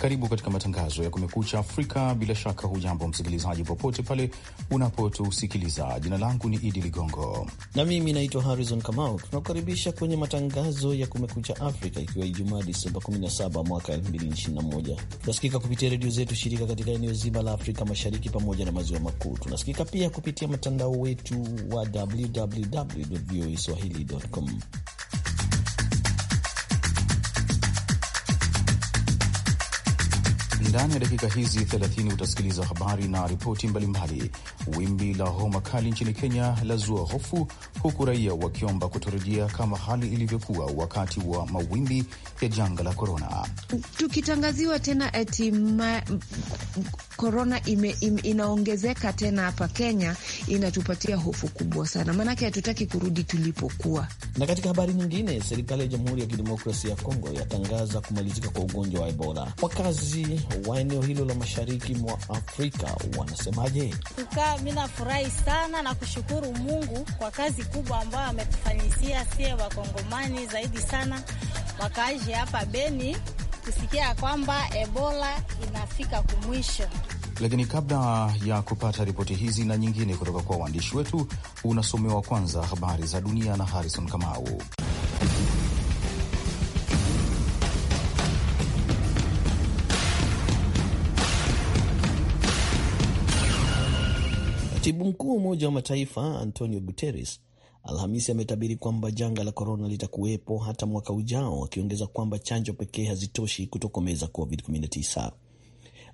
Karibu katika matangazo ya Kumekucha Afrika. Bila shaka, hujambo msikilizaji, popote pale unapotusikiliza. Jina langu ni Idi Ligongo na mimi naitwa Harrison Kamau. Tunakukaribisha kwenye matangazo ya Kumekucha Afrika, ikiwa Ijumaa Disemba 17 mwaka 2021. Tunasikika kupitia redio zetu shirika katika eneo zima la Afrika Mashariki pamoja na maziwa makuu. Tunasikika pia kupitia mtandao wetu wa www voa swahili.com. Ndani ya dakika hizi 30 utasikiliza habari na ripoti mbalimbali. Wimbi la homa kali nchini Kenya lazua hofu huku raia wakiomba kutorejea kama hali ilivyokuwa wakati wa mawimbi ya janga la korona. Tukitangaziwa tena eti korona ime, ime, inaongezeka tena hapa Kenya, inatupatia hofu kubwa sana, maanake hatutaki kurudi tulipokuwa. Na katika habari nyingine, serikali ya Jamhuri ya Kidemokrasia ya Kongo yatangaza kumalizika kwa ugonjwa wa Ebola. Wakazi wa eneo hilo la mashariki mwa Afrika wanasemaje? mi nafurahi sana na kushukuru Mungu kwa kazi kubwa ambayo ametufanyisia sie wakongomani zaidi sana wakaaji hapa Beni kusikia kwamba Ebola inafika kumwisho. Lakini kabla ya kupata ripoti hizi na nyingine kutoka kwa waandishi wetu, unasomewa kwanza habari za dunia na Harrison Kamau. Katibu mkuu wa Umoja wa Mataifa Antonio Guterres Alhamisi ametabiri kwamba janga la korona litakuwepo hata mwaka ujao, akiongeza kwamba chanjo pekee hazitoshi kutokomeza COVID-19.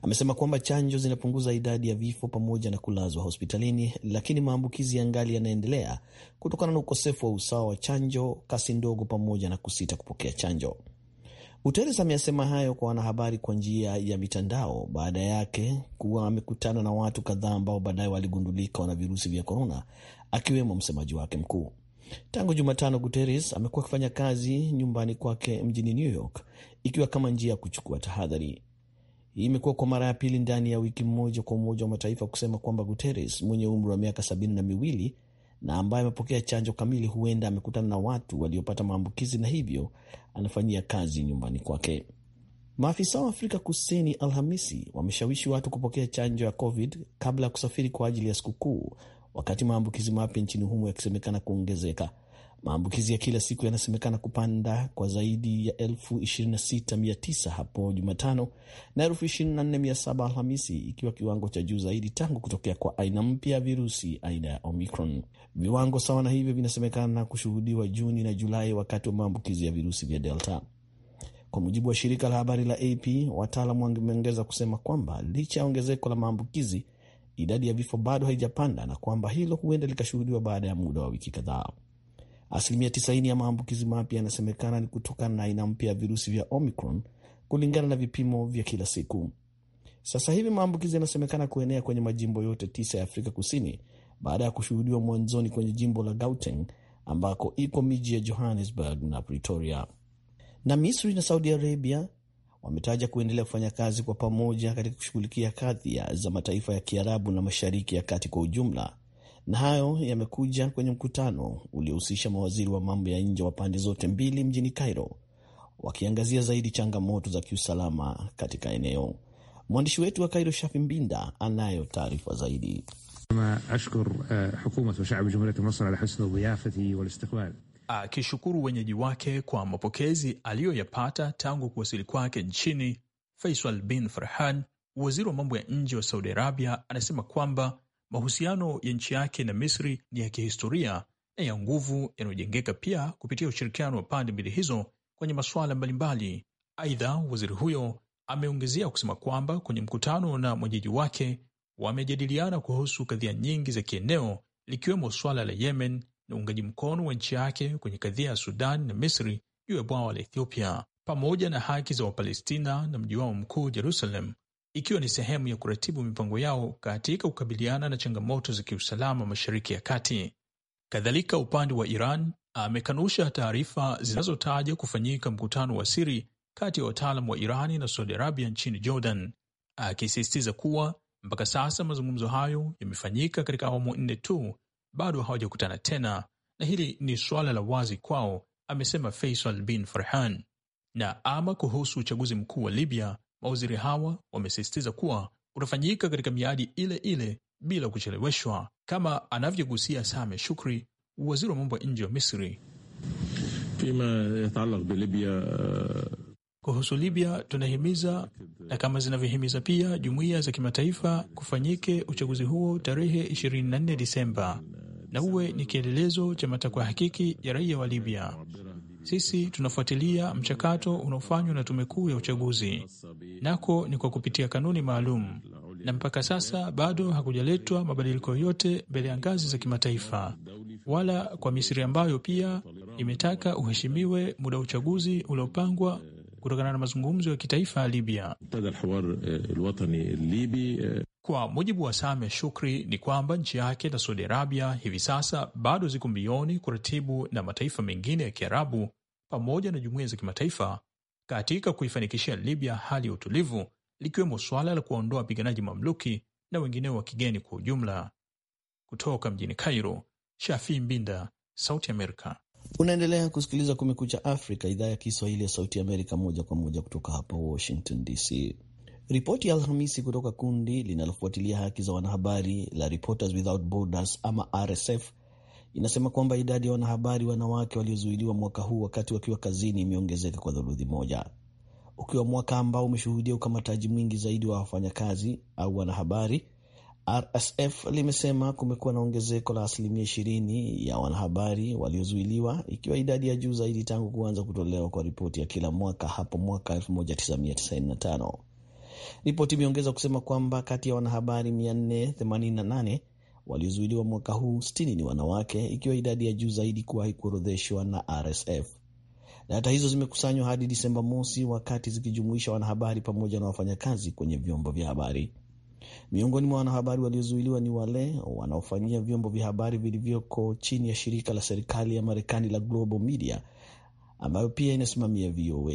Amesema kwamba chanjo zinapunguza idadi ya vifo pamoja na kulazwa hospitalini, lakini maambukizi ngali yanaendelea kutokana na ukosefu wa usawa wa chanjo, kasi ndogo, pamoja na kusita kupokea chanjo. Guterres ameyasema hayo kwa wanahabari kwa njia ya mitandao baada yake kuwa amekutana na watu kadhaa ambao baadaye waligundulika wana virusi vya korona, akiwemo msemaji wake mkuu. Tangu Jumatano, Guterres amekuwa akifanya kazi nyumbani kwake mjini New York, ikiwa kama njia ya kuchukua tahadhari. Hii imekuwa kwa mara ya pili ndani ya wiki moja kwa Umoja wa Mataifa kusema kwamba Guterres mwenye umri wa miaka sabini na miwili na ambaye amepokea chanjo kamili huenda amekutana na watu waliopata maambukizi na hivyo anafanyia kazi nyumbani kwake. Maafisa wa Afrika Kusini Alhamisi wameshawishi watu kupokea chanjo ya COVID kabla ya kusafiri kwa ajili ya sikukuu wakati maambukizi mapya nchini humo yakisemekana kuongezeka. Maambukizi ya kila siku yanasemekana kupanda kwa zaidi ya elfu 26,900 hapo Jumatano na elfu 24,700 Alhamisi, ikiwa kiwango cha juu zaidi tangu kutokea kwa aina mpya ya virusi aina ya Omicron. Viwango sawa na hivyo vinasemekana kushuhudiwa Juni na Julai wakati wa maambukizi ya virusi vya Delta. Kwa mujibu wa shirika la habari la AP, wataalam wameongeza kusema kwamba licha ya ongezeko la maambukizi idadi ya vifo bado haijapanda na kwamba hilo huenda likashuhudiwa baada ya muda wa wiki kadhaa. Asilimia 90 ya maambukizi mapya yanasemekana ni kutokana na aina mpya ya virusi vya Omicron kulingana na vipimo vya kila siku. Sasa hivi maambukizi yanasemekana kuenea kwenye majimbo yote tisa ya Afrika Kusini baada ya kushuhudiwa mwanzoni kwenye jimbo la Gauteng ambako iko miji ya Johannesburg na Pretoria. Na Misri na Saudi Arabia wametaja kuendelea kufanya kazi kwa pamoja katika kushughulikia kadhia za mataifa ya Kiarabu na Mashariki ya Kati kwa ujumla, na hayo yamekuja kwenye mkutano uliohusisha mawaziri wa mambo ya nje wa pande zote mbili mjini Cairo, wakiangazia zaidi changamoto za kiusalama katika eneo. Mwandishi wetu wa Cairo, Shafi Mbinda, anayo taarifa zaidi akishukuru wenyeji wake kwa mapokezi aliyoyapata tangu kuwasili kwake nchini. Faisal bin Farhan, waziri wa mambo ya nje wa Saudi Arabia, anasema kwamba mahusiano ya nchi yake na Misri ni ya kihistoria na ya nguvu yanayojengeka pia kupitia ushirikiano wa pande mbili hizo kwenye masuala mbalimbali. Aidha, waziri huyo ameongezea kusema kwamba kwenye mkutano na mwenyeji wake wamejadiliana kuhusu kadhia nyingi za kieneo likiwemo suala la Yemen na uungaji mkono wa nchi yake kwenye kadhia ya Sudan na Misri juu ya bwawa la Ethiopia pamoja na haki za Wapalestina na mji wao mkuu Jerusalem, ikiwa ni sehemu ya kuratibu mipango yao katika kukabiliana na changamoto za kiusalama Mashariki ya Kati. Kadhalika, upande wa Iran amekanusha taarifa zinazotaja kufanyika mkutano wa siri kati ya wataalam wa Irani na Saudi Arabia nchini Jordan, akisisitiza kuwa mpaka sasa mazungumzo hayo yamefanyika katika awamu nne tu bado hawajakutana tena na hili ni suala la wazi kwao, amesema Faisal bin Farhan. Na ama kuhusu uchaguzi mkuu wa Libya, mawaziri hawa wamesisitiza kuwa utafanyika katika miadi ile ile bila kucheleweshwa, kama anavyogusia Same Shukri, waziri wa mambo ya nje wa Misri. Uh, kuhusu Libya tunahimiza na kama zinavyohimiza pia jumuiya za kimataifa kufanyike uchaguzi huo tarehe 24 Disemba na uwe ni kielelezo cha matakwa ya hakiki ya raia wa Libya. Sisi tunafuatilia mchakato unaofanywa na tume kuu ya uchaguzi, nako ni kwa kupitia kanuni maalum, na mpaka sasa bado hakujaletwa mabadiliko yoyote mbele ya ngazi za kimataifa, wala kwa Misri ambayo pia imetaka uheshimiwe muda wa uchaguzi uliopangwa kutokana na mazungumzo ya kitaifa ya Libya. Eh, eh. Kwa mujibu wa Sameh Shukri ni kwamba nchi yake na Saudi Arabia hivi sasa bado ziko mbioni kuratibu na mataifa mengine ya Kiarabu pamoja na jumuiya za kimataifa katika kuifanikishia Libya hali ya utulivu, likiwemo suala la kuwaondoa wapiganaji mamluki na wengineo wa kigeni kwa ujumla. Kutoka mjini Cairo, Shafii Mbinda, Sauti Amerika. Unaendelea kusikiliza Kumekucha Afrika, idhaa ya Kiswahili ya Sauti Amerika, moja kwa moja kutoka hapa Washington DC. Ripoti ya Alhamisi kutoka kundi linalofuatilia haki za wanahabari la Reporters Without Borders ama RSF inasema kwamba idadi ya wanahabari wanawake waliozuiliwa mwaka huu wakati wakiwa kazini imeongezeka kwa theluthi moja, ukiwa mwaka ambao umeshuhudia ukamataji mwingi zaidi wa wafanyakazi au wanahabari RSF limesema kumekuwa na ongezeko la asilimia ishirini ya wanahabari waliozuiliwa, ikiwa idadi ya juu zaidi tangu kuanza kutolewa kwa ripoti ya kila mwaka hapo mwaka 1995. Ripoti imeongeza kusema kwamba kati ya wanahabari 488 waliozuiliwa mwaka huu, 60 ni wanawake, ikiwa idadi ya juu zaidi kuwahi kuorodheshwa na RSF. Data hizo zimekusanywa hadi Disemba mosi, wakati zikijumuisha wanahabari pamoja na wafanyakazi kwenye vyombo vya habari. Miongoni mwa wanahabari waliozuiliwa ni wale wanaofanyia vyombo vya habari vilivyoko chini ya shirika la serikali ya Marekani la Global Media ambayo pia inasimamia VOA.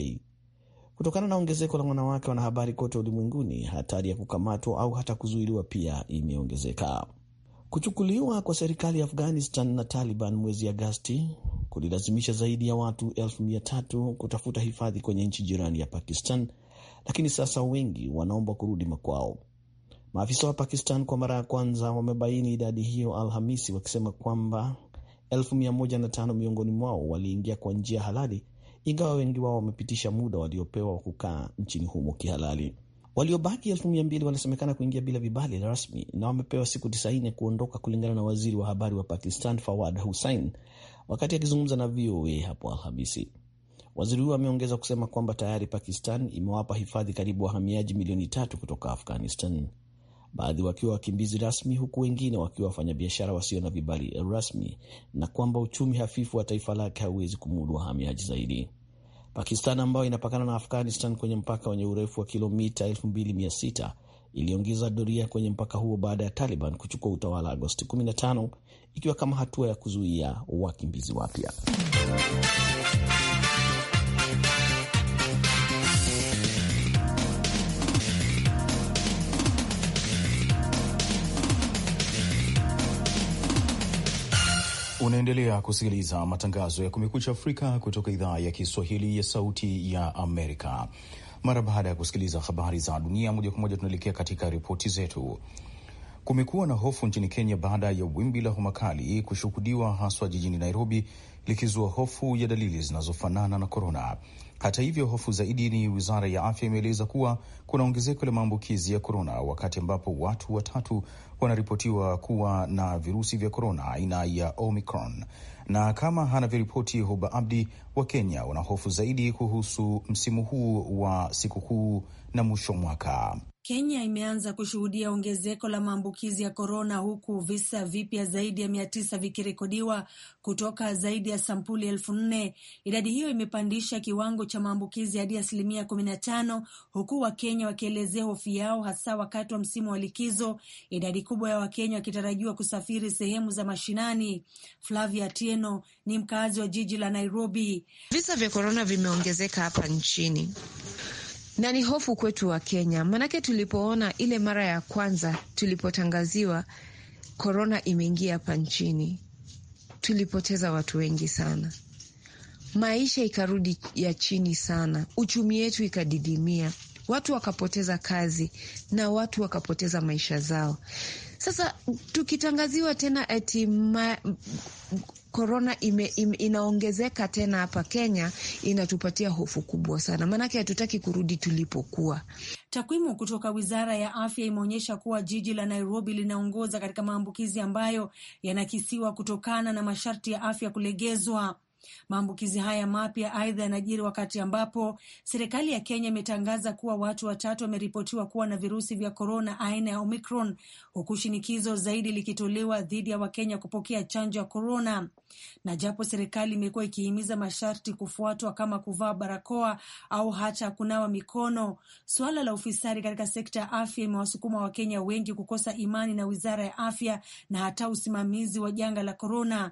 Kutokana na ongezeko la wanawake wanahabari kote ulimwenguni, hatari ya kukamatwa au hata kuzuiliwa pia imeongezeka. Kuchukuliwa kwa serikali ya Afghanistan na Taliban mwezi Agasti kulilazimisha zaidi ya watu elfu mia tatu kutafuta hifadhi kwenye nchi jirani ya Pakistan, lakini sasa wengi wanaomba kurudi makwao. Maafisa wa Pakistan kwa mara ya kwanza wamebaini idadi hiyo Alhamisi wakisema kwamba 105,000 miongoni mwao waliingia kwa njia halali, ingawa wengi wao wamepitisha muda waliopewa wa kukaa nchini humo kihalali. Waliobaki 2 wanasemekana kuingia bila vibali rasmi na wamepewa siku 90 kuondoka, kulingana na waziri wa habari wa Pakistan Fawad Hussain wakati akizungumza na VOA hapo Alhamisi. Waziri huyo ameongeza kusema kwamba tayari Pakistan imewapa hifadhi karibu wahamiaji milioni tatu kutoka Afghanistan baadhi wakiwa wakimbizi rasmi, huku wengine wakiwa wafanyabiashara wasio na vibali rasmi, na kwamba uchumi hafifu wa taifa lake hauwezi kumudu wahamiaji zaidi. Pakistan ambayo inapakana na Afghanistan kwenye mpaka wenye urefu wa kilomita 2600 iliongeza doria kwenye mpaka huo baada ya Taliban kuchukua utawala Agosti 15 ikiwa kama hatua ya kuzuia wakimbizi wapya. Unaendelea kusikiliza matangazo ya Kumekucha Afrika kutoka idhaa ya Kiswahili ya Sauti ya Amerika. Mara baada ya kusikiliza habari za dunia moja kwa moja, tunaelekea katika ripoti zetu. Kumekuwa na hofu nchini Kenya baada ya wimbi la homa kali kushuhudiwa haswa jijini Nairobi, likizua hofu ya dalili zinazofanana na korona. Hata hivyo, hofu zaidi ni wizara ya afya imeeleza kuwa kuna ongezeko la maambukizi ya korona, wakati ambapo watu watatu wanaripotiwa kuwa na virusi vya korona aina ya Omicron. Na kama anavyoripoti Huba Abdi wa Kenya, wana hofu zaidi kuhusu msimu huu wa sikukuu na mwisho mwaka. Kenya imeanza kushuhudia ongezeko la maambukizi ya korona huku visa vipya zaidi ya mia tisa vikirekodiwa kutoka zaidi ya sampuli elfu nne. Idadi hiyo imepandisha kiwango cha maambukizi hadi asilimia kumi na tano huku Wakenya wakielezea hofu yao hasa wakati wa msimu wa likizo, idadi kubwa ya Wakenya wakitarajiwa kusafiri sehemu za mashinani. Flavia Tieno ni mkaazi wa jiji la Nairobi. Visa vya korona vimeongezeka hapa nchini na ni hofu kwetu wa Kenya, maanake tulipoona ile mara ya kwanza tulipotangaziwa korona imeingia hapa nchini, tulipoteza watu wengi sana, maisha ikarudi ya chini sana, uchumi yetu ikadidimia, watu wakapoteza kazi na watu wakapoteza maisha zao. Sasa tukitangaziwa tena eti ma korona ime, ime, inaongezeka tena hapa Kenya, inatupatia hofu kubwa sana, maanake hatutaki kurudi tulipokuwa. Takwimu kutoka wizara ya afya imeonyesha kuwa jiji la Nairobi linaongoza katika maambukizi ambayo yanakisiwa kutokana na masharti ya afya kulegezwa. Maambukizi haya mapya aidha yanajiri wakati ambapo serikali ya Kenya imetangaza kuwa watu watatu wameripotiwa kuwa na virusi vya korona aina ya Omicron, huku shinikizo zaidi likitolewa dhidi ya Wakenya kupokea chanjo ya korona. Na japo serikali imekuwa ikihimiza masharti kufuatwa kama kuvaa barakoa au hata kunawa mikono, suala la ufisadi katika sekta ya afya imewasukuma Wakenya wengi kukosa imani na wizara ya afya na hata usimamizi wa janga la korona.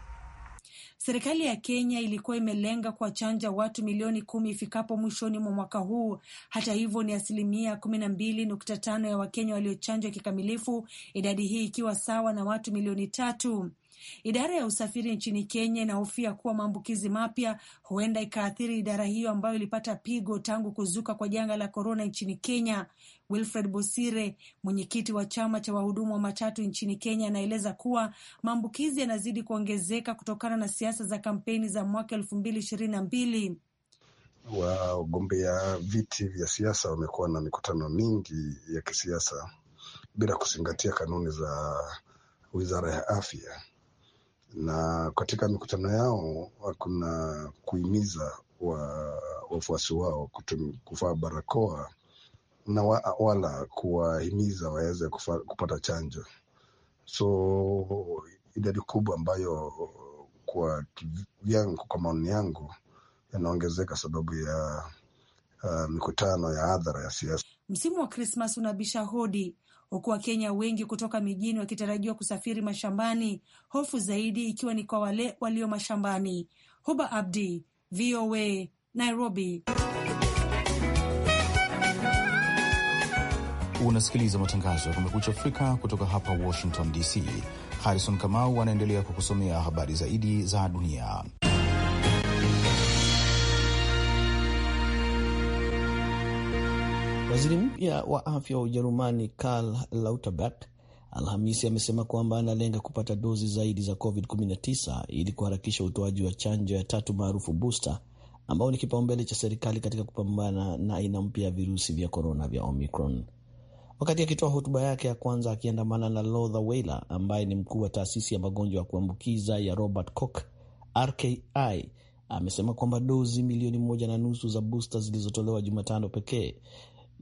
Serikali ya Kenya ilikuwa imelenga kuwachanja watu milioni kumi ifikapo mwishoni mwa mwaka huu. Hata hivyo, ni asilimia kumi na mbili nukta tano ya Wakenya waliochanjwa kikamilifu, idadi hii ikiwa sawa na watu milioni tatu. Idara ya usafiri nchini Kenya inahofia kuwa maambukizi mapya huenda ikaathiri idara hiyo ambayo ilipata pigo tangu kuzuka kwa janga la korona nchini Kenya. Wilfred Bosire, mwenyekiti wa chama cha wahudumu wa matatu nchini Kenya, anaeleza kuwa maambukizi yanazidi kuongezeka kutokana na siasa za kampeni za mwaka elfu mbili ishirini na mbili. Wagombea viti vya siasa wamekuwa na mikutano mingi ya kisiasa bila kuzingatia kanuni za wizara ya afya na katika mikutano yao kuna kuhimiza wafuasi wao kuvaa barakoa na wa, wala kuwahimiza waweze kupata chanjo. So idadi kubwa ambayo kwa vyangu, kwa maoni yangu yanaongezeka sababu ya uh, mikutano ya hadhara ya siasa. Msimu wa Krismas unabisha hodi huku Wakenya wengi kutoka mijini wakitarajiwa kusafiri mashambani, hofu zaidi ikiwa ni kwa wale walio mashambani. Huba Abdi, VOA, Nairobi. Unasikiliza matangazo ya Kumekucha Afrika kutoka hapa Washington DC. Harrison Kamau anaendelea kukusomea habari zaidi za dunia. Waziri mpya wa afya wa Ujerumani Karl Lauterbach Alhamisi amesema kwamba analenga kupata dozi zaidi za COVID-19 ili kuharakisha utoaji wa chanjo ya tatu maarufu booster, ambao ni kipaumbele cha serikali katika kupambana na aina mpya ya virusi vya korona vya Omicron. Wakati akitoa hotuba yake ya kwanza akiandamana na Lotha Weiler ambaye ni mkuu wa taasisi ya magonjwa ya kuambukiza ya Robert Koch RKI amesema kwamba dozi milioni moja na nusu za booster zilizotolewa Jumatano pekee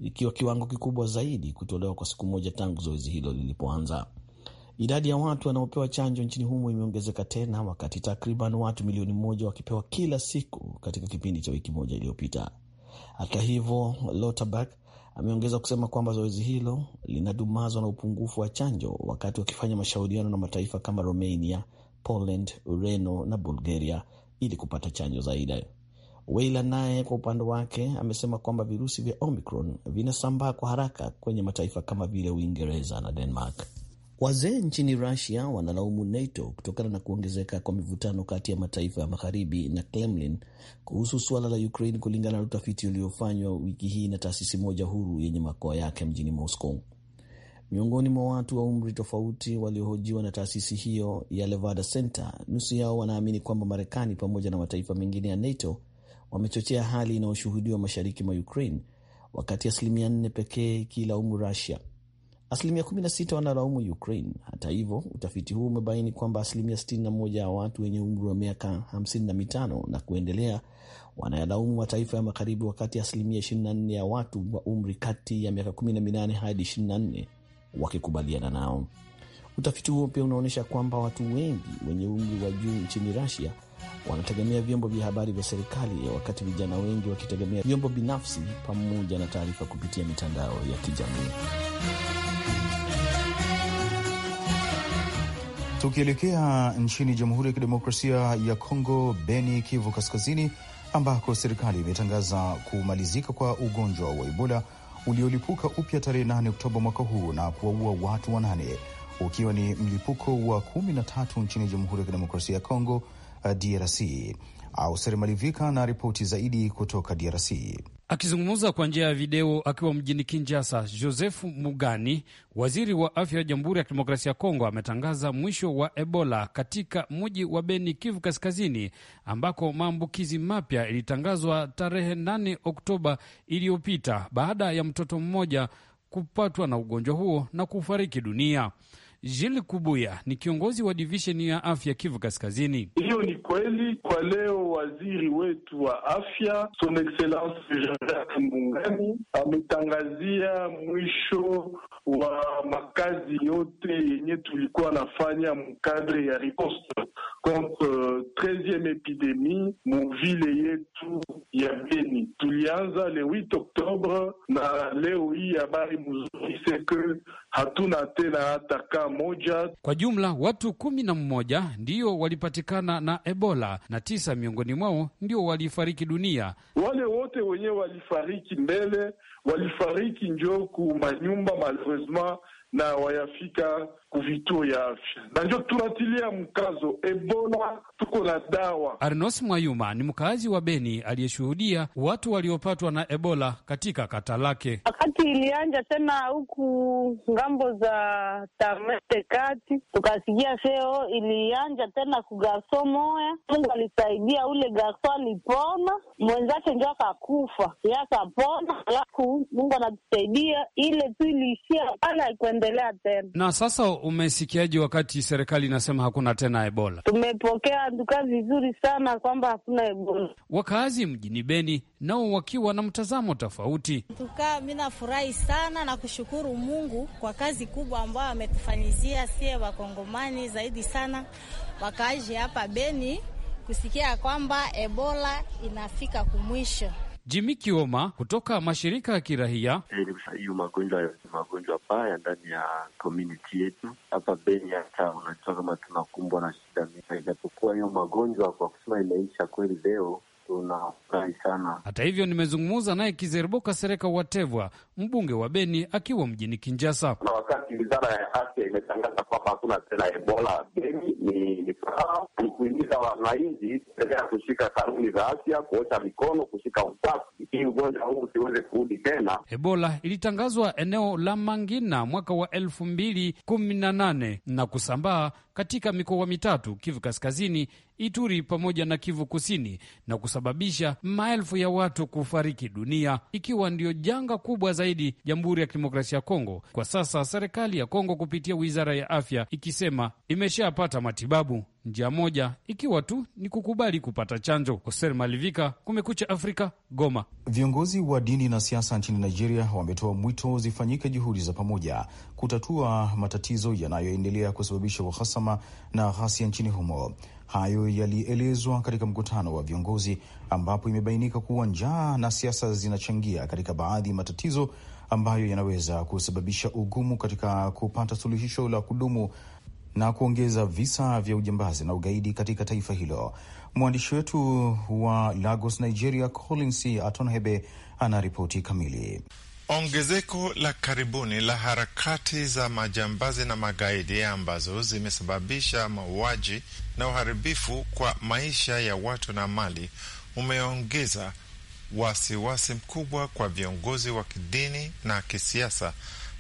ikiwa kiwango kikubwa zaidi kutolewa kwa siku moja tangu zoezi hilo lilipoanza. Idadi ya watu wanaopewa chanjo nchini humo imeongezeka tena, wakati takriban watu milioni moja wakipewa kila siku katika kipindi cha wiki moja iliyopita. Hata hivyo, Lotterberg ameongeza kusema kwamba zoezi hilo linadumazwa na upungufu wa chanjo, wakati wakifanya mashauriano na mataifa kama Romania, Poland, Ureno na Bulgaria ili kupata chanjo zaidi. Weila naye kwa upande wake amesema kwamba virusi vya Omicron vinasambaa kwa haraka kwenye mataifa kama vile Uingereza na Denmark. Wazee nchini Rusia wanalaumu NATO kutokana na kuongezeka kwa mivutano kati ya mataifa ya magharibi na Kremlin kuhusu suala la Ukraine, kulingana na utafiti uliofanywa wiki hii na taasisi moja huru yenye makao yake mjini Moscow. Miongoni mwa watu wa umri tofauti waliohojiwa na taasisi hiyo ya Levada Center, nusu yao wanaamini kwamba Marekani pamoja na mataifa mengine ya NATO wamechochea hali inayoshuhudiwa mashariki mwa Ukraine, wakati asilimia nne pekee ikilaumu Rusia. Asilimia 16 wanalaumu Ukraine. Hata hivyo, utafiti huu umebaini kwamba asilimia 61 ya watu wenye umri wa miaka 55 na kuendelea wanayalaumu mataifa ya magharibi, wakati asilimia 24 ya watu wa umri kati ya miaka 18 hadi 24 wakikubaliana nao. Utafiti huo pia unaonyesha kwamba watu wengi wenye umri wa juu nchini Russia wanategemea vyombo vya habari vya serikali, wakati vijana wengi wakitegemea vyombo binafsi pamoja na taarifa kupitia mitandao ya kijamii. Tukielekea nchini Jamhuri ya Kidemokrasia ya Kongo, Beni, Kivu Kaskazini, ambako serikali imetangaza kumalizika kwa ugonjwa wa Ebola uliolipuka upya tarehe 8 Oktoba mwaka huu na kuwaua watu wanane, ukiwa ni mlipuko wa kumi na tatu nchini Jamhuri ya Kidemokrasia ya Kongo Eh, DRC. Auser Malivika na ripoti zaidi kutoka DRC. Akizungumza kwa njia ya video akiwa mjini Kinjasa, josefu Mugani, waziri wa afya wa Jamhuri ya Kidemokrasia ya Kongo, ametangaza mwisho wa Ebola katika mji wa Beni, Kivu Kaskazini, ambako maambukizi mapya ilitangazwa tarehe 8 Oktoba iliyopita baada ya mtoto mmoja kupatwa na ugonjwa huo na kufariki dunia. Jil Kubuya ni kiongozi wa divisheni ya afya Kivu Kaskazini. Hiyo ni kweli kwa leo, waziri wetu wa afya Son Excellence Mbungani ametangazia mwisho wa makazi yote yenye tulikuwa nafanya mkadre ya riposte contre treizieme epidemi epidemie muvile yetu ya Beni. Tulianza le 8 Oktobre na leo hii habari mzuri seke hatuna tena hata kaa moja. Kwa jumla watu kumi na mmoja ndio walipatikana na Ebola na tisa miongoni mwao ndio walifariki dunia. Wale wote wenyewe walifariki mbele, walifariki njoo ku manyumba malheureusement na wayafika kuvituo ya afya, na ndio tunatilia mkazo Ebola, tuko na dawa. Arnos Mwayuma ni mkazi wa Beni aliyeshuhudia watu waliopatwa na Ebola katika kata lake wakati ilianja tena huku ngambo za Tamete kati, tukasikia seo ilianja tena kugaso moya. Mungu alisaidia ule gaso alipona, mwenzake ndio akakufa, yakapona. Alafu Mungu anatusaidia ile tu iliishia pale kuendelea tena. Na sasa umesikiaje wakati serikali inasema hakuna tena Ebola? Tumepokea nduka vizuri sana kwamba hakuna Ebola. Wakaazi mjini Beni nao wakiwa na mtazamo tofauti. Tukaa mi nafurahi sana na kushukuru Mungu kwa kazi kubwa ambayo ametufanyizia sie Wakongomani zaidi sana wakaaji hapa Beni kusikia kwamba Ebola inafika kumwisho. Jimi Kioma kutoka mashirika ya kirahia eh, hiyo magonjwa ni magonjwa baya ndani ya community yetu hapa Beni. Hata unajua kama tunakumbwa na shida mingi, ijapokuwa hiyo magonjwa kwa kusema imeisha kweli leo tunafurahi sana. Hata hivyo, nimezungumza naye Kizeriboka Sereka Watevwa, mbunge wa Beni, akiwa mjini Kinjasa. Na wakati wizara ya afya imetangaza kwamba hakuna tena Ebola Beni, ni furaha, ni kuingiza wananchi kuendelea kushika kanuni za afya, kuosha mikono, kushika usafi, ili ugonjwa huu usiweze kurudi tena. Ebola ilitangazwa eneo la Mangina mwaka wa elfu mbili kumi na nane na kusambaa katika mikoa mitatu Kivu Kaskazini, Ituri pamoja na Kivu Kusini na kusababisha maelfu ya watu kufariki dunia, ikiwa ndio janga kubwa zaidi Jamhuri ya Kidemokrasia ya Kongo kwa sasa, serikali ya Kongo kupitia Wizara ya Afya ikisema imeshapata matibabu. Njia moja ikiwa tu ni kukubali kupata chanjo. Hoser Malivika, Kumekucha Afrika, Goma. Viongozi wa dini na siasa nchini Nigeria wametoa mwito zifanyike juhudi za pamoja kutatua matatizo yanayoendelea kusababisha uhasama na ghasia nchini humo. Hayo yalielezwa katika mkutano wa viongozi ambapo imebainika kuwa njaa na siasa zinachangia katika baadhi ya matatizo ambayo yanaweza kusababisha ugumu katika kupata suluhisho la kudumu na kuongeza visa vya ujambazi na ugaidi katika taifa hilo. Mwandishi wetu wa Lagos, Nigeria, Collins Atonhebe ana ripoti kamili. Ongezeko la karibuni la harakati za majambazi na magaidi ambazo zimesababisha mauaji na uharibifu kwa maisha ya watu na mali umeongeza wasiwasi mkubwa kwa viongozi wa kidini na kisiasa,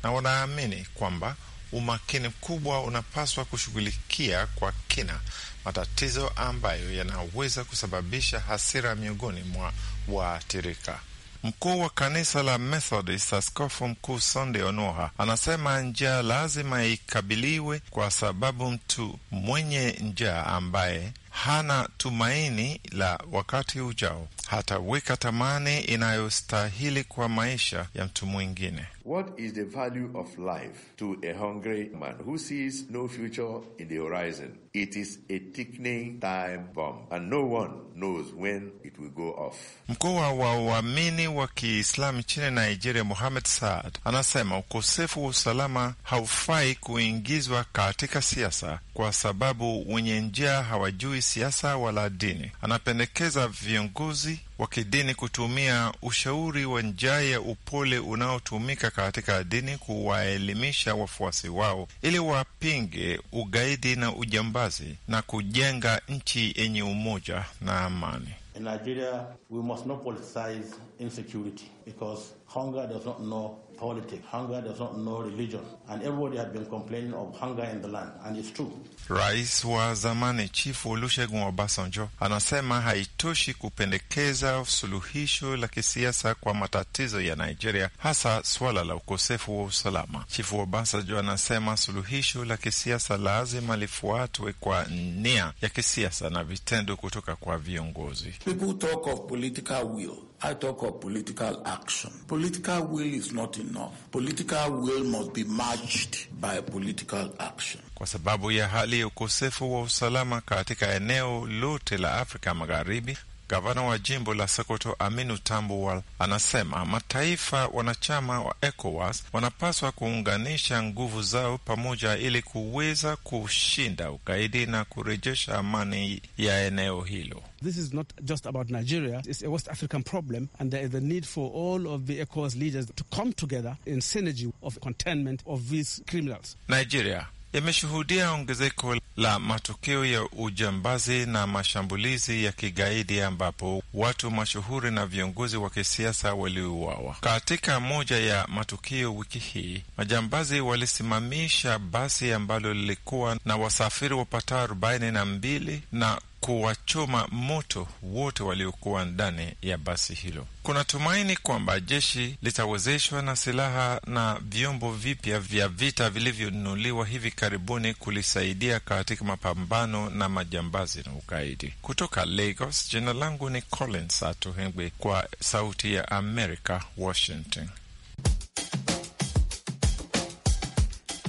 na wanaamini kwamba umakini mkubwa unapaswa kushughulikia kwa kina matatizo ambayo yanaweza kusababisha hasira miongoni mwa waathirika. Mkuu wa kanisa la Methodist, askofu mkuu Sunday Onoha, anasema njaa lazima ikabiliwe kwa sababu mtu mwenye njaa ambaye hana tumaini la wakati ujao hataweka tamani inayostahili kwa maisha ya mtu mwingine. What is the value of life to a hungry man who sees no future in the horizon? It is a ticking time bomb and no one knows when it will go off. Mkuu wa waamini wa Kiislamu nchini Nigeria, Mohamed Saad, anasema ukosefu wa usalama haufai kuingizwa katika siasa kwa sababu wenye njia hawajui siasa wala dini. Anapendekeza viongozi wa kidini kutumia ushauri wa njia ya upole unaotumika katika dini kuwaelimisha wafuasi wao ili wapinge ugaidi na ujambazi na kujenga nchi yenye umoja na amani. In Nigeria, we must not politicize insecurity because hunger does not know politics. Hunger does not know religion. And everybody has been complaining of hunger in the land. And it's true. Rais wa zamani Chifu Olusegun Obasanjo anasema haitoshi kupendekeza suluhisho la kisiasa kwa matatizo ya Nigeria, hasa swala la ukosefu wa usalama. Chifu Obasanjo anasema suluhisho la kisiasa lazima lifuatwe kwa nia ya kisiasa na vitendo kutoka kwa viongozi. People talk of political will. I talk of political action. Political will is not enough. Political will must be matched by political action. Kwa sababu ya hali ya ukosefu wa usalama katika eneo lote la Afrika Magharibi, Gavana wa jimbo la Sokoto Aminu Tambuwal anasema mataifa wanachama wa ECOWAS wanapaswa kuunganisha nguvu zao pamoja ili kuweza kushinda ugaidi na kurejesha amani ya eneo hilo. This is not just about Nigeria. It's a West African problem and there is a need for all of the ECOWAS leaders to come together in synergy of containment of these criminals. Nigeria yameshuhudia ongezeko la matukio ya ujambazi na mashambulizi ya kigaidi ambapo watu mashuhuri na viongozi wa kisiasa waliuawa. Katika moja ya matukio wiki hii, majambazi walisimamisha basi ambalo lilikuwa na wasafiri wapata arobaini na mbili na kuwachoma moto wote waliokuwa ndani ya basi hilo. Kuna tumaini kwamba jeshi litawezeshwa na silaha na vyombo vipya vya vita vilivyonunuliwa hivi karibuni kulisaidia katika mapambano na majambazi na ugaidi. Kutoka Lagos, jina langu ni Collins Atohengwi kwa Sauti ya Amerika, Washington.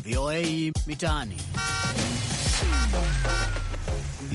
VOA Mitaani.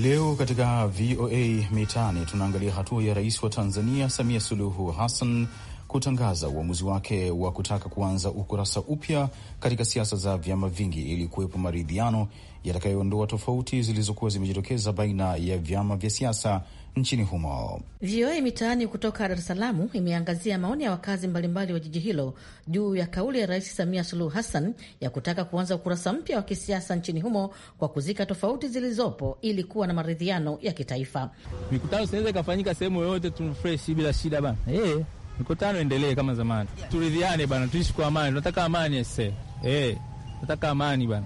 Leo katika VOA Mitaani tunaangalia hatua ya rais wa Tanzania Samia Suluhu Hassan kutangaza uamuzi wake wa kutaka kuanza ukurasa upya katika siasa za vyama vingi ili kuwepo maridhiano yatakayoondoa tofauti zilizokuwa zimejitokeza baina ya vyama vya siasa nchini humo. VOA Mitaani kutoka Dar es Salaam imeangazia maoni ya wakazi mbalimbali wa jiji hilo juu ya kauli ya Rais Samia Suluhu Hassan ya kutaka kuanza ukurasa mpya wa kisiasa nchini humo kwa kuzika tofauti zilizopo ili kuwa na maridhiano ya kitaifa. Mikutano sinaweza ikafanyika sehemu yoyote tufreshi bila shida bana. Hey, eh, mikutano endelee kama zamani, turidhiane bana, tuishi kwa amani. Tunataka amani ese, eh, hey, tunataka amani bana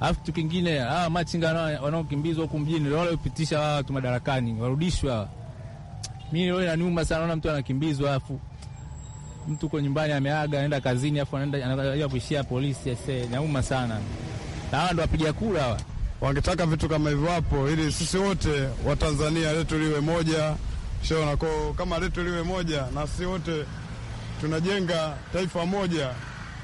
Alafu kitu kingine hawa ah, machinga wanaokimbizwa huku mjini walopitisha hawa watu madarakani warudishwa. Mi leo inaniuma sana, naona mtu anakimbizwa, alafu mtu uko nyumbani ameaga, anaenda kazini, afu anaenda kuishia polisi. Ese nauma sana, na hawa ndo wapiga kura hawa. Wangetaka vitu kama hivyo hapo, ili sisi wote Watanzania letu liwe moja, shona ko kama letu liwe moja, na sisi wote tunajenga taifa moja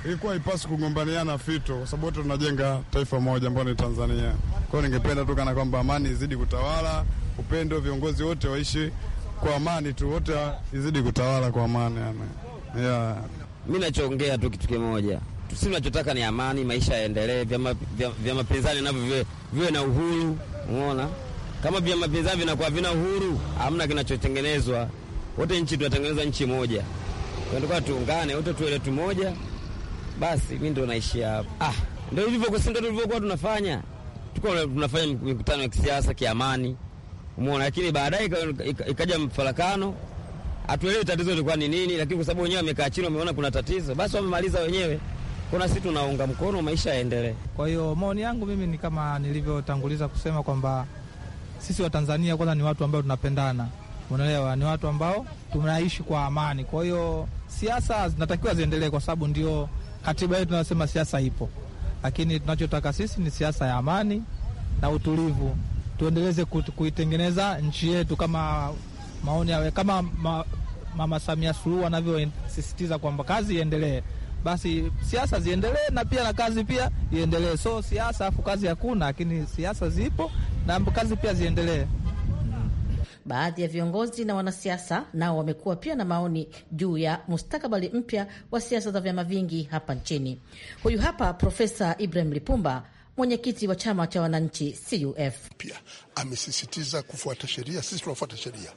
ilikuwa ipasi kugombaniana fito, kwa sababu wote tunajenga taifa moja ambayo ni Tanzania. Kwa hiyo ningependa tu kana kwamba amani izidi kutawala, upendo, viongozi wote waishi kwa amani tu, wote izidi kutawala kwa amani yani. Yeah. Mi nachoongea tu kitu kimoja, si nachotaka ni amani, maisha yaendelee, vyama vya mapinzani navyo viwe, na uhuru. Umeona, kama vyama pinzani vinakuwa vina uhuru, hamna kinachotengenezwa. Wote nchi tunatengeneza nchi moja, tunataka tuungane wote, tueletu moja basi mi ndo naishi hapo. Ah, ndo tulivyokuwa tunafanya, tulikuwa tunafanya mikutano ya kisiasa kiamani, umeona. Lakini baadaye ikaja mfarakano, hatuelewi tatizo lilikuwa ni nini, lakini kwa sababu wenyewe wamekaa chini, wameona kuna tatizo, basi wamemaliza wenyewe. Kuna sisi tunaunga mkono, maisha yaendelee. Kwa hiyo maoni yangu mimi ni kama nilivyotanguliza kusema kwamba sisi Watanzania kwanza ni watu ambao tunapendana, unaelewa, ni watu ambao tunaishi kwa amani. Kwa hiyo siasa zinatakiwa ziendelee, kwa sababu ndio Katiba yetu tunasema siasa ipo, lakini tunachotaka sisi ni siasa ya amani na utulivu. Tuendeleze kuitengeneza nchi yetu kama maoni yawe kama ma, Mama Samia Suluhu anavyosisitiza kwamba kazi iendelee, basi siasa ziendelee na pia na kazi pia iendelee. So siasa afu kazi hakuna, lakini siasa zipo na kazi pia ziendelee. Baadhi ya viongozi na wanasiasa nao wamekuwa pia na maoni juu ya mustakabali mpya wa siasa za vyama vingi hapa nchini. Huyu hapa Profesa Ibrahim Lipumba mwenyekiti wa chama cha wananchi CUF. Pia amesisitiza kufuata sheria. Sisi tunafuata sheria,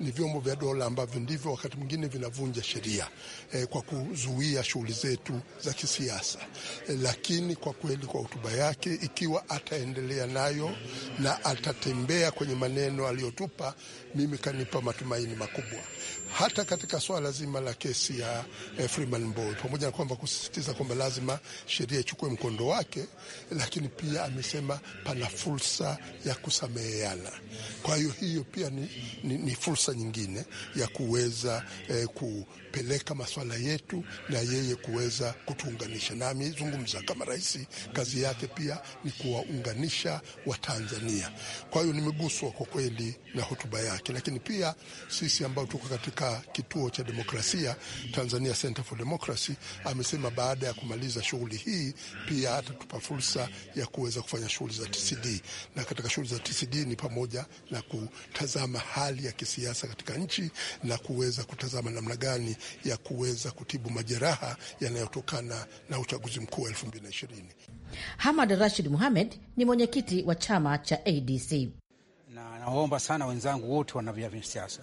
ni vyombo vya dola ambavyo ndivyo wakati mwingine vinavunja sheria e, kwa kuzuia shughuli zetu za kisiasa e, lakini kwa kweli, kwa hotuba yake, ikiwa ataendelea nayo na atatembea kwenye maneno aliyotupa, mimi kanipa matumaini makubwa hata katika swala zima la kesi ya eh, Freeman Mbowe, pamoja na kwamba kusisitiza kwamba lazima sheria ichukue mkondo wake, lakini pia amesema pana fursa ya kusameheana. Kwa hiyo hiyo pia ni, ni, ni fursa nyingine ya kuweza eh, ku kupeleka maswala yetu na yeye kuweza kutuunganisha. Na amezungumza kama rais, kazi yake pia ni kuwaunganisha Watanzania. Kwa hiyo nimeguswa kwa kweli na hotuba yake, lakini pia sisi ambao tuko katika kituo cha demokrasia Tanzania Center for Democracy, amesema baada ya kumaliza shughuli hii pia atatupa fursa ya kuweza kufanya shughuli za TCD, na katika shughuli za TCD ni pamoja na kutazama hali ya kisiasa katika nchi na kuweza kutazama namna gani ya kuweza kutibu majeraha yanayotokana na uchaguzi mkuu wa ishirini. Hamad Rashid Muhamed ni mwenyekiti wa chama cha ADC. Na nawaomba sana wenzangu wote wana vyama vya siasa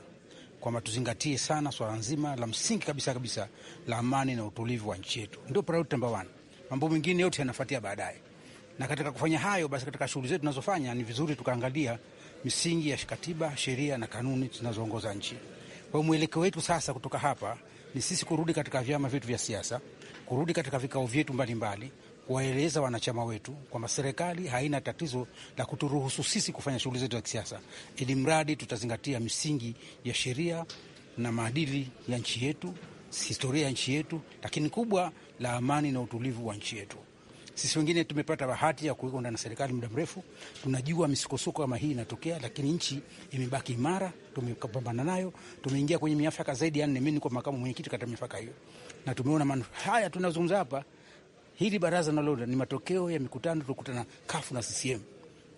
kwamba tuzingatie sana swala nzima la msingi kabisa kabisa la amani na utulivu wa nchi yetu, ndio priority namba moja. Mambo mengine yote yanafuatia baadaye, na katika kufanya hayo basi, katika shughuli zetu tunazofanya ni vizuri tukaangalia misingi ya katiba, sheria na kanuni zinazoongoza nchi. Kwa hiyo mwelekeo wetu sasa kutoka hapa ni sisi kurudi katika vyama vyetu vya siasa, kurudi katika vikao vyetu mbalimbali, kuwaeleza wanachama wetu kwamba serikali haina tatizo la kuturuhusu sisi kufanya shughuli zetu za kisiasa, ili mradi tutazingatia misingi ya sheria na maadili ya nchi yetu, historia ya nchi yetu, lakini kubwa la amani na utulivu wa nchi yetu. Sisi wengine tumepata bahati ya kuwekwa ndani ya serikali muda mrefu, tunajua misukosuko kama hii inatokea, lakini nchi imebaki imara, tumepambana nayo. Tumeingia kwenye miafaka zaidi ya nne, mimi niko makamu mwenyekiti katika miafaka hiyo, na tumeona maana haya tunazungumza hapa. Hili baraza naloda ni matokeo ya mikutano tulikutana kafu na CCM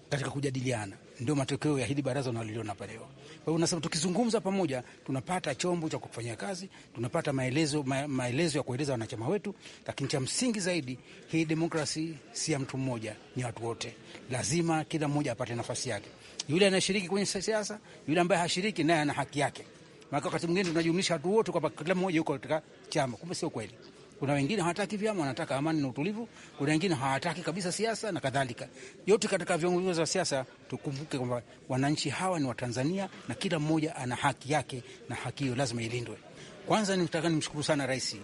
katika kujadiliana ndio matokeo ya hili baraza unaliona pale leo. Kwa hiyo unasema tukizungumza pamoja tunapata chombo cha kufanyia kazi, tunapata maelezo, ma, maelezo ya kueleza wanachama wetu, lakini cha msingi zaidi hii demokrasi si ya mtu mmoja, ni watu wote. Lazima kila mmoja apate nafasi yake, yule anashiriki kwenye siasa, yule ambaye hashiriki naye ana haki yake. Maana wakati mwingine tunajumlisha watu wote kwamba kila mmoja yuko katika chama, kumbe sio kweli. Kuna wengine hawataki vyama, wanataka amani na utulivu. Kuna wengine hawataki kabisa siasa na kadhalika. Yote katika viongozi wa siasa, tukumbuke kwamba wananchi hawa ni Watanzania na kila mmoja ana haki yake, na haki hiyo lazima ilindwe. Kwanza nitaka nimshukuru sana Rais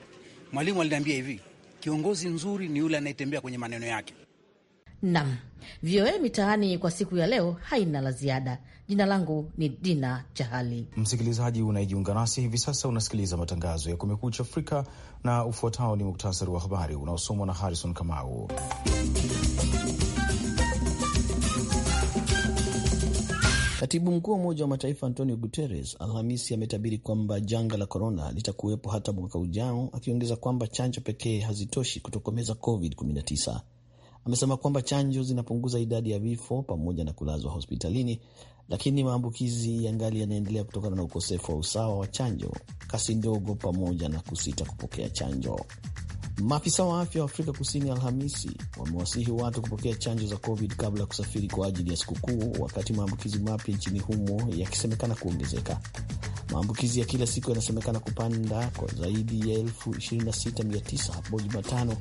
Mwalimu, aliniambia hivi, kiongozi mzuri ni yule anayetembea kwenye maneno yake. Nam VOA Mitaani kwa siku ya leo haina la ziada. Jina langu ni Dina Chahali. Msikilizaji unayejiunga nasi hivi sasa, unasikiliza matangazo ya Kumekucha Afrika na ufuatao ni muktasari wa habari unaosomwa na Harrison Kamau. Katibu mkuu wa Umoja wa Mataifa Antonio Guterres Alhamisi ametabiri kwamba janga la korona litakuwepo hata mwaka ujao, akiongeza kwamba chanjo pekee hazitoshi kutokomeza COVID-19. Amesema kwamba chanjo zinapunguza idadi ya vifo pamoja na kulazwa hospitalini, lakini maambukizi yangali yanaendelea kutokana na ukosefu wa usawa wa chanjo, kasi ndogo, pamoja na kusita kupokea chanjo. Maafisa wa afya wa Afrika Kusini Alhamisi wamewasihi watu kupokea chanjo za COVID kabla ya kusafiri kwa ajili ya sikukuu, wakati maambukizi mapya nchini humo yakisemekana kuongezeka. Maambukizi ya kila siku yanasemekana kupanda kwa zaidi ya 26900 hapo Jumatano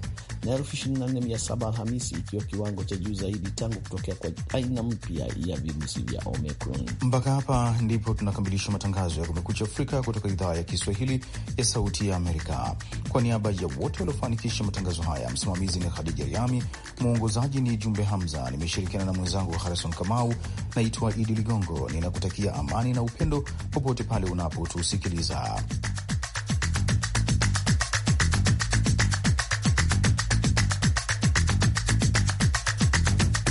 na 24700 Alhamisi, ikiwa kiwango cha juu zaidi tangu kutokea kwa aina mpya ya virusi vya Omicron. Mpaka hapa ndipo tunakamilisha matangazo ya Kumekucha Afrika kutoka idhaa ya Kiswahili ya Sauti ya Amerika. Kwa niaba ya wote waliofanikisha matangazo haya, msimamizi ni Khadija Riami, mwongozaji ni Jumbe Hamza, nimeshirikiana na mwenzangu Harison Kamau. Naitwa Idi Ligongo, ninakutakia amani na upendo popote pale unapotusikiliza.